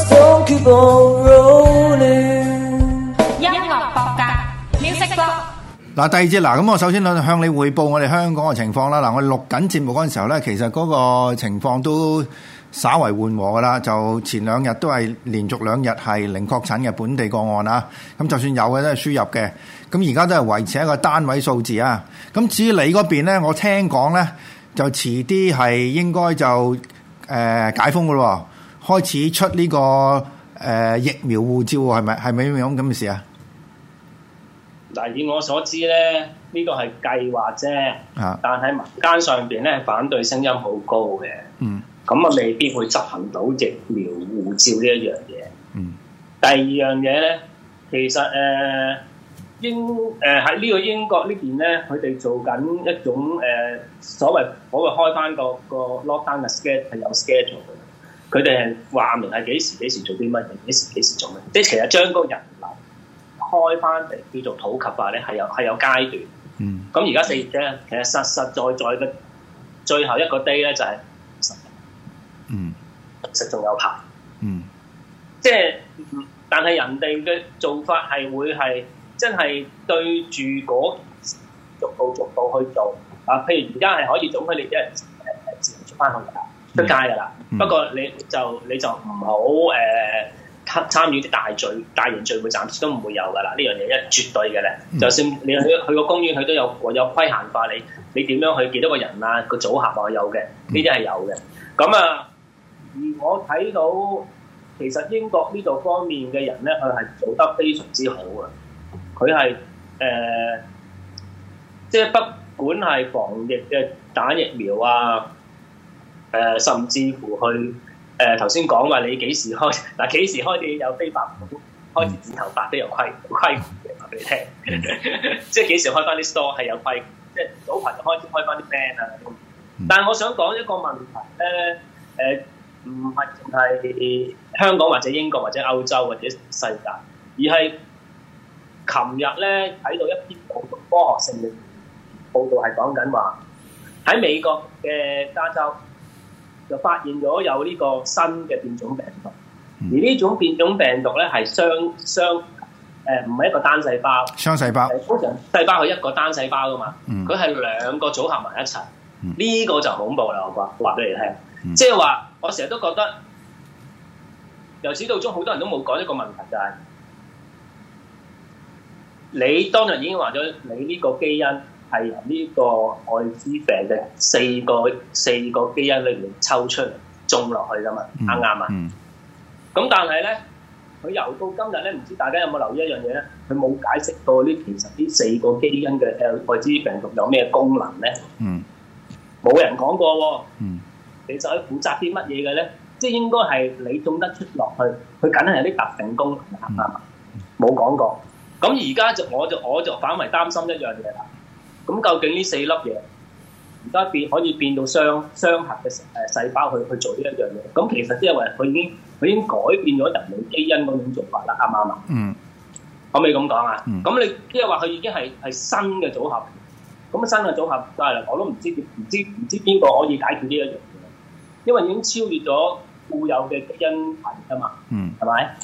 So、音樂博格 Music Blog 嗱， 第二節嗱，咁我首先向你匯報我哋香港嘅情況啦。嗱，我錄緊節目嗰陣時候咧，其實嗰個情況都稍為緩和噶啦。就前兩日都係連續兩日係零確診嘅本地個案啊。咁就算有嘅都係輸入嘅。咁而家都係維持一個單位數字啊。咁至於你嗰邊咧，我聽講咧就遲啲係應該就誒、呃、解封噶咯。開始出呢、呢個誒、呃、疫苗護照係咪係咪咁咁嘅事啊？嗱，以我所知咧，呢、呢個係計劃啫。啊！但喺民間上邊咧，反對聲音好高嘅。嗯。咁啊，未必會執行到疫苗護照呢一樣嘢。嗯。第二樣嘢咧，其實誒、呃、英誒喺呢個英國邊呢邊咧，佢哋做緊一種誒、呃、所謂我會開翻個個，個 lockdown 嘅 schedule 係有 schedule 嘅。佢哋係話明係幾時幾時做啲乜嘢，幾時幾時做乜，即係其實將嗰人流開翻嚟叫做普及化咧，係有係有階段。嗯。咁而家四月啫，其實實實在在嘅最後一個 day 咧就係十日。實實嗯。其實仲有排。嗯。即係，但係人哋嘅做法係會係真係對住嗰逐步逐步去做。啊，譬如而家係可以早佢哋一人自誒出翻去，出街㗎喇，嗯嗯、不過你就你就唔好誒參參與啲大聚大型聚會，暫時都唔會有㗎喇。呢樣嘢一絕對嘅喇，嗯、就算你去去個公園，佢都有有規限化你，你點樣去幾多個人啊？個組合啊，有嘅，呢啲係有嘅。咁啊，而我睇到其實英國呢度方面嘅人咧，佢係做得非常之好啊！佢係誒，即係不管係防疫嘅打疫苗啊。誒、呃，甚至乎去誒頭先講話，呃、你幾時開嗱、啊、幾時開始有飛白盤開始剪頭髮都有規規矩嘅，話俾你聽。 即係幾時開翻啲 store 係有規，即係早排就開始開翻啲 band 啊。但係我想講一個問題咧，誒唔係淨係香港或者英國或者歐洲或者世界，而係琴日咧睇到一篇科學性嘅報導係講緊話喺美國嘅加州。就發現咗有呢個新嘅變種病毒，而呢種變種病毒咧係雙雙誒，唔、呃、係一個單細胞，雙細胞通常細胞係一個單細胞噶嘛，佢係、嗯、兩個組合埋一齊，呢、嗯、個就恐怖啦！我話話俾你聽，即係話我成日都覺得由始到終好多人都冇講一個問題就係、係，你當日已經話咗你呢個基因。係呢個艾滋病嘅四個四個基因裏邊抽出嚟種落去噶嘛，啱啱啊？咁但係咧，佢由到今日咧，唔知大家有冇留意一樣嘢咧？佢冇解釋到呢，其實呢四個基因嘅艾滋病毒有咩功能咧？嗯，冇人講過。嗯，你佢負責啲乜嘢嘅咧？即係應該係你種得出落去，佢梗係有啲特定功能啊！冇講過。咁而家就我就我就反為擔心一樣嘢啦。咁究竟呢四粒嘢而家變可以變到雙雙核嘅誒細胞去去做呢一樣嘢？咁其實即係話佢已經佢已經改變咗人類基因嗰種做法啦，啱唔啱啊？嗯，可唔可以咁講啊？嗯，咁你即係話佢已經係係新嘅組合，咁新嘅組合但係我都唔知唔知唔知邊個可以解決呢一樣嘢，因為已經超越咗固有嘅基因體啊嘛。嗯，係咪？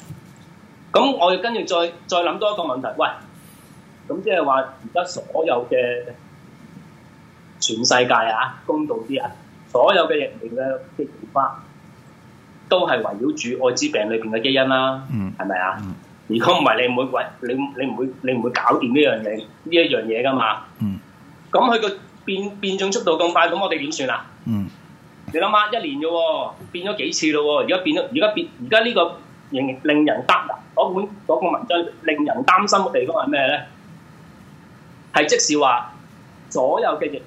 咁我哋跟住再再諗多一個問題，喂？咁即係話，而家所有嘅全世界啊，公道啲啊，所有嘅疫情嘅基因花，都係圍繞住愛滋病裏邊嘅基因啦，係咪啊？如果唔係，你唔會為你你唔會你唔會搞掂呢樣嘢呢一樣嘢噶嘛？咁佢個變變種速度咁快，咁我哋點算啊？嗯、你諗下，一年嘅變咗幾次咯？而家變咗，而家變而家呢個令令人擔嗰本嗰、嗰個文章令人擔心嘅地方係咩咧？係，即使話所有嘅疫，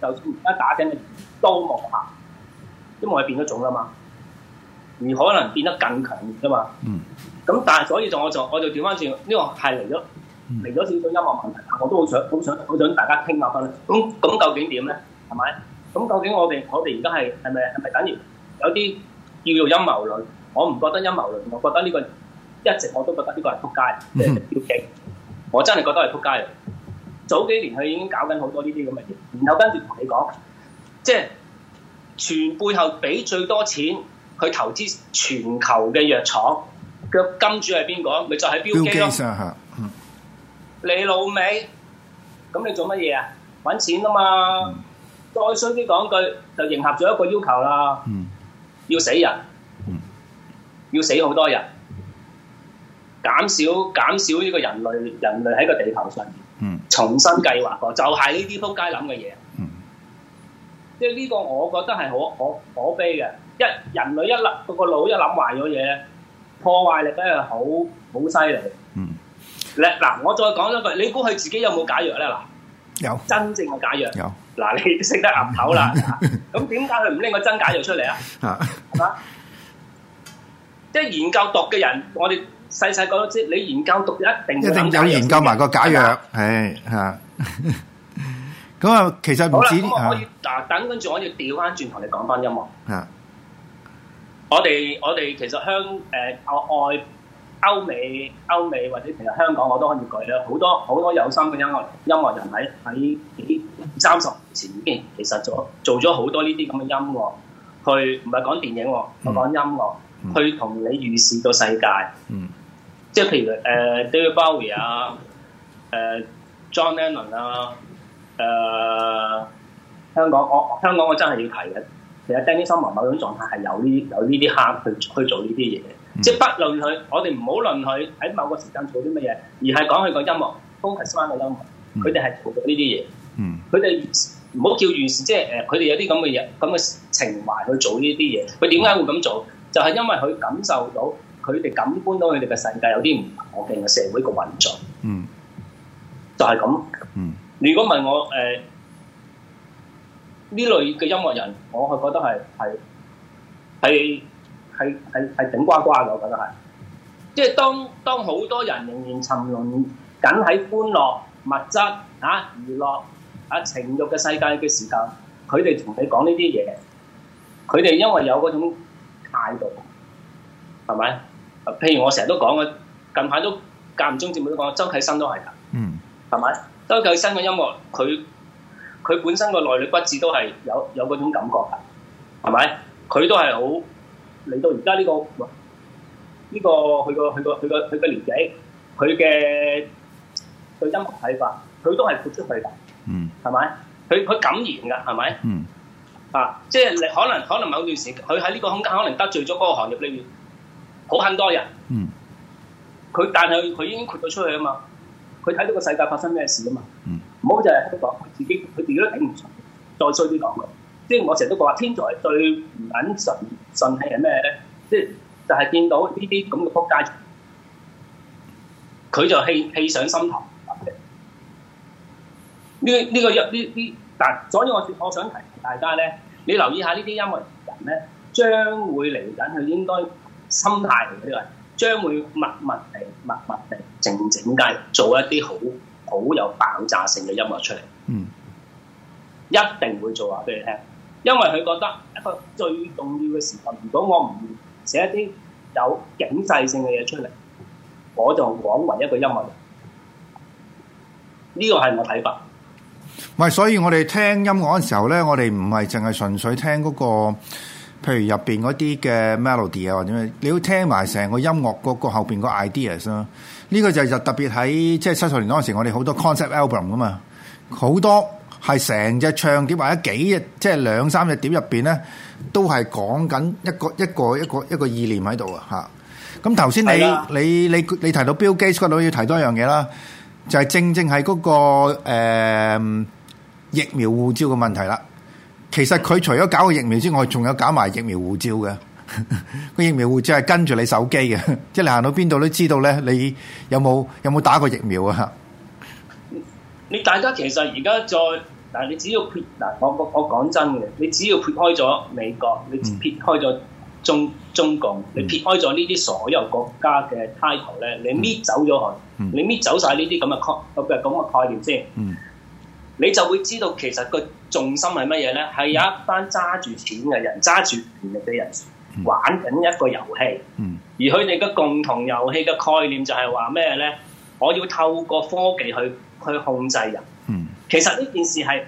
就算而家打緊嘅疫都冇嚇，因為佢變咗種啦嘛，而可能變得更強啫嘛。咁、嗯、但係所以就我就我就調翻轉呢個係嚟咗嚟咗少少陰謀問題，但我都好想好想好想，想大家傾下翻。咁、嗯、咁究竟點咧？係咪？咁究竟我哋我哋而家係係咪係咪等於有啲叫做陰謀論？我唔覺得陰謀論，我覺得呢、呢個一直我都覺得呢個係撲街，即係表棋。我真係覺得係撲街。早幾年佢已經搞緊好多呢啲咁嘅嘢，然後跟住同你講，即係全背後俾最多錢去投資全球嘅藥廠，腳金主係邊個？咪就係標機咯。嗯、你老味，咁你做乜嘢啊？搵錢啊嘛！嗯、再衰啲講句，就迎合咗一個要求啦。嗯，要死人，嗯、要死好多人，減少減少呢個人類人類喺個地球上面。嗯，重新計劃過就係呢啲撲街諗嘅嘢，即係呢個我覺得係好可可悲嘅。一人類一粒個腦一諗壞咗嘢，破壞力真係好好犀利。嗯，嗱嗱，我再講一句，你估佢自己有冇解藥咧？嗱，有真正嘅解藥，有嗱，你識得鴨頭啦。咁點解佢唔拎個真解藥出嚟 啊？啊，係嘛？即係研究毒嘅人，我哋。細細個都知，你研究讀一定有研究埋個假藥，係吓吧。咁啊， 其實唔止吓是。等跟住是，我要調翻轉頭嚟講翻音樂。啊，我哋我哋其實香誒、呃，我愛歐美歐美或者其實香港，我都可以舉啦。好多好多有心嘅音樂音樂人喺喺三十年前已經其實做做咗好多呢啲咁嘅音樂，去唔係講電影，我講音樂，嗯、去同你預示到世界。嗯。即係譬如誒 David Bowie 啊、誒 John Lennon 啊、誒香港我香港我真係要提嘅，其實 Danny Summer，某種狀態係有呢有呢啲黑去去做呢啲嘢。嗯、即係不論佢，我哋唔好論佢喺某個時間做啲乜嘢，而係講佢個音樂 focus 翻個音樂，佢哋係做到呢啲嘢。佢哋唔好叫完時，即係誒佢哋有啲咁嘅嘢、咁嘅情懷去做呢啲嘢。佢點解會咁做？就係因為佢感受到。佢哋感官到佢哋嘅世界有啲唔可敬嘅社會嘅運作，嗯，就係咁。嗯，如果問我誒呢、呃、類嘅音樂人，我係覺得係係係係係係頂呱呱嘅，我覺得係。即係當當好多人仍然沉淪緊喺歡樂、物質啊、娛樂啊、情慾嘅世界嘅時候，佢哋同你講呢啲嘢，佢哋因為有嗰種態度，係咪？譬如我成日都講嘅，近排都間唔中節目都講，周啟生都係噶，嗯，係咪？周啟生嘅音樂，佢佢本身個內裏骨子都係有有嗰種感覺㗎，係咪？佢都係好嚟到而家呢個呢個佢個佢個佢個佢嘅年紀，佢嘅佢音樂睇法，佢都係豁出去㗎，嗯，係咪？佢佢敢言㗎，係咪？嗯，啊，即係你可能可能某段時間，佢喺呢個空間可能得罪咗嗰個行業裏面。好很多人，嗯，佢但係佢已經豁咗出去啊嘛，佢睇到個世界發生咩事啊嘛，嗯，唔好就係咁講，自己佢自己都頂唔順，再衰啲講佢，即係我成日都講話天才最唔穩順順氣係咩咧？即係就係見到呢啲咁嘅撲街，佢就氣氣上心頭。呢、這、呢個一呢啲，但係所以我我想提大家咧，你留意下呢啲音樂人咧將會嚟緊佢應該。心態嚟嗰啲嘅，將會默默地、默默地、靜靜雞，做一啲好好有爆炸性嘅音樂出嚟。嗯，一定會做，話俾你聽，因為佢覺得一個最重要嘅時候，如果我唔寫一啲有警世性嘅嘢出嚟，我就枉為一個音樂人。呢個係我睇法。唔係，所以我哋聽音樂嘅時候咧，我哋唔係淨係純粹聽嗰個。譬如入邊嗰啲嘅 melody 啊或者咩，你要聽埋成個音樂嗰個後邊個 ideas 咯。呢個就就特別喺，即係七十年嗰陣時，我哋好多 concept album 噶嘛，好多係成隻唱碟或者幾隻即係兩三隻碟入邊咧，都係講緊一個一個一個一個一個意念喺度啊吓，咁頭先你的你你你提到 Bill Gates，嗰度要提多一樣嘢啦，就係正正係嗰個誒疫苗護照嘅問題啦。其實佢除咗搞個疫苗之外，仲有搞埋疫苗護照嘅。個疫苗護照係跟住你手機嘅，即係你行到邊度都知道咧，你有冇有冇打過疫苗啊？你大家其實而家再，但係你只要撇嗱，我我我講真嘅，你只要撇開咗美國，你撇開咗中、嗯、中共，你撇開咗呢啲所有國家嘅 title 咧，嗯、你搣走咗佢，你搣走晒呢啲咁嘅概咁嘅概念先。嗯你就會知道其實個重心係乜嘢咧？係有一班揸住錢嘅人、揸住權力嘅人玩緊一個遊戲。嗯、而佢哋嘅共同遊戲嘅概念就係話咩咧？我要透過科技去去控制人。嗯、其實呢件事係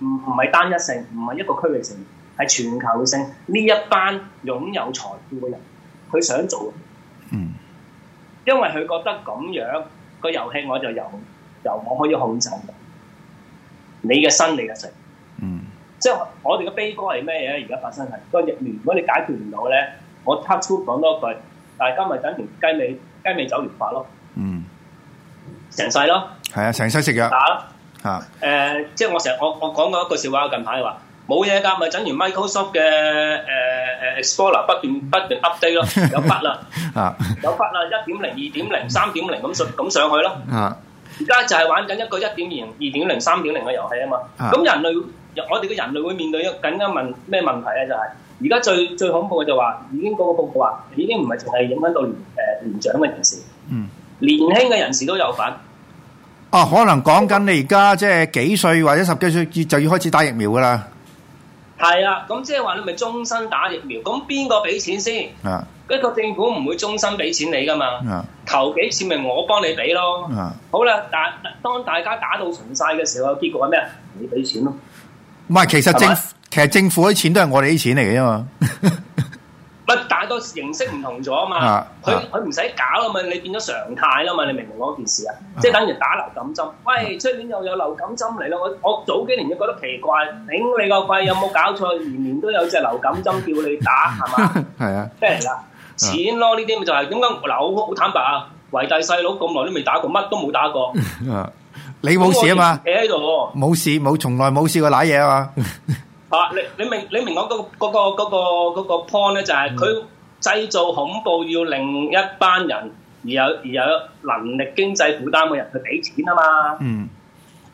唔唔係單一性，唔係一個區域性，係全球性。呢一班擁有財富嘅人，佢想做。嗯、因為佢覺得咁樣、個遊戲我就由由我可以控制。你嘅生你嘅食，嗯即，即係我哋嘅悲歌係咩嘢咧？而家發生係嗰隻，如果你解決唔到咧，我 touch wood 講多句，大家咪等條雞尾雞尾酒療法咯，嗯，成世咯，係啊，成世食藥打啦咯，啊，誒、呃，即係我成我我講過一句笑話，近排話冇嘢㗎，咪等完 Microsoft 嘅誒誒、呃、Explorer 不斷不斷 update 咯，有筆啦， 啊有，有筆啦，一點零、二點零、三點零咁上咁上去咯，啊。而家就係玩緊一個一點零、二點零、三點零嘅遊戲啊嘛！咁、啊、人類，我哋嘅人類會面對一緊一問咩問題咧？就係而家最最恐怖嘅就話、是，已經個個報告話，已經唔係淨係影響到誒年、呃、長嘅人士，嗯、年輕嘅人士都有份。啊，可能講緊你而家即係幾歲或者十幾歲，就要開始打疫苗噶啦。係啊，咁即係話你咪終身打疫苗，咁邊個俾錢先？啊，一個政府唔會終身俾錢你噶嘛，啊，頭幾次咪我幫你俾咯，啊，好啦，但當大家打到重晒嘅時候，個結局係咩啊？你俾錢咯，唔係，其實政其實政府啲吧錢都係我哋啲錢嚟嘅嘛。個形式唔同咗啊嘛，佢佢唔使搞啊嘛，你變咗常態啦嘛，你明唔明我件事啊？即係等於打流感針，喂，出年又有流感針嚟咯。我我早幾年就覺得奇怪，頂你個肺有冇搞錯？年年都有隻流感針叫你打，係嘛？係啊，即係啦，錢咯，呢啲咪就係點解嗱？好好坦白啊，偉大細佬咁耐都未打過，乜都冇打過。你冇事啊嘛？企喺度冇事冇，從來冇試過瀨嘢啊嘛。啊，你你明你明我嗰嗰個嗰個嗰個 point 咧，就係佢。製造恐怖要另一班人而有而有能力經濟負擔嘅人去俾錢啊嘛，嗯，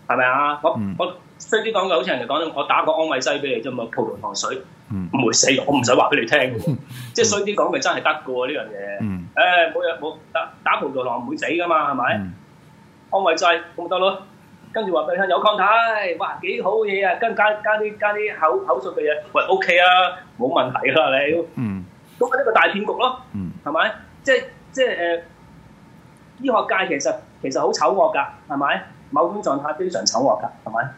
係咪啊？我、嗯、我，我衰啲講嘅好似人哋講，我打個安慰劑俾你啫嘛，嗯、葡萄糖水，唔、嗯、會死，我唔使話俾你聽嘅，即係衰啲講嘅真係得嘅呢樣嘢，嗯，誒冇嘢，冇打打葡萄糖唔會死㗎嘛，係咪？嗯、安慰劑咁咪得囉？跟住話俾你聽，有抗體，哇幾好嘢啊！跟加加啲加啲口加加口述嘅嘢，喂，喂 OK 啊，冇問題啦你。都係一個大騙局咯，係咪、嗯？即係即係誒、呃，醫學界其實其實好醜惡噶，係咪？某種狀態非常醜惡噶，係咪？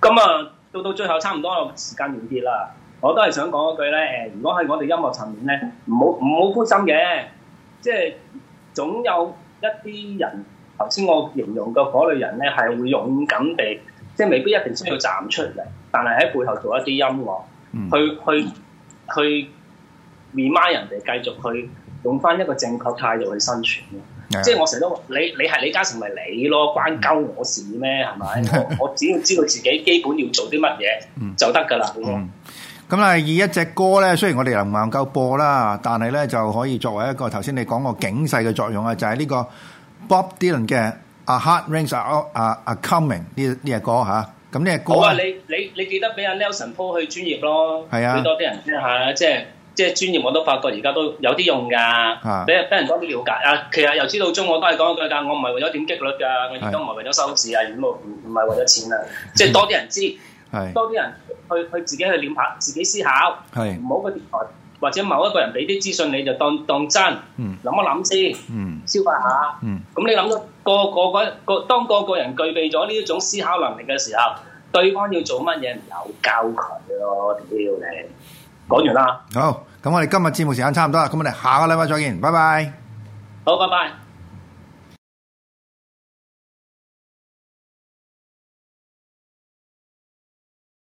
咁啊，到到最後差唔多時間短啲啦。我都係想講一句咧，誒、呃，如果喺我哋音樂層面咧，唔好唔好灰心嘅，即係總有一啲人頭先我形容嘅嗰類人咧，係會勇敢地，即係未必一定需要站出嚟，但係喺背後做一啲音樂，去去、嗯、去。去去去去 Remind 人哋繼續去用翻一個正確態度去生存、嗯、即係我成日都話你你係李嘉誠咪你咯，關鳩我事咩？係咪、嗯？我只要知道自己基本要做啲乜嘢就得㗎啦。嗯，咁、嗯、啊，以一隻歌咧，雖然我哋能唔能夠播啦，但係咧就可以作為一個頭先你講個警世嘅作用啊，就係呢個 Bob Dylan 嘅《A Hard Rain's A A A Coming》呢呢隻歌嚇。咁呢隻歌啊，你你你記得俾阿 Nelson Po 去專業咯，係啊，多啲人聽下，即係。即係專業，我都發覺而家都有啲用㗎，俾俾、啊、人多啲了解。啊，其實由始到終，我都係講一句㗎，我唔係為咗點擊率㗎，我亦都唔係為咗收視啊，唔冇唔唔係為咗錢啊。是即係多啲人知，是多啲人去去自己去諗下，自己思考，唔好是個電台或者某一個人俾啲資訊你就當當真，諗、嗯、一諗先，嗯、消化下。咁、嗯嗯、你諗到個個個，個當個個人具備咗呢一種思考能力嘅時候，對方要做乜嘢，有教佢咯，屌你！講完啦，好，咁我哋今日節目時間差唔多啦，咁我哋下個禮拜再見，拜拜，好，拜拜。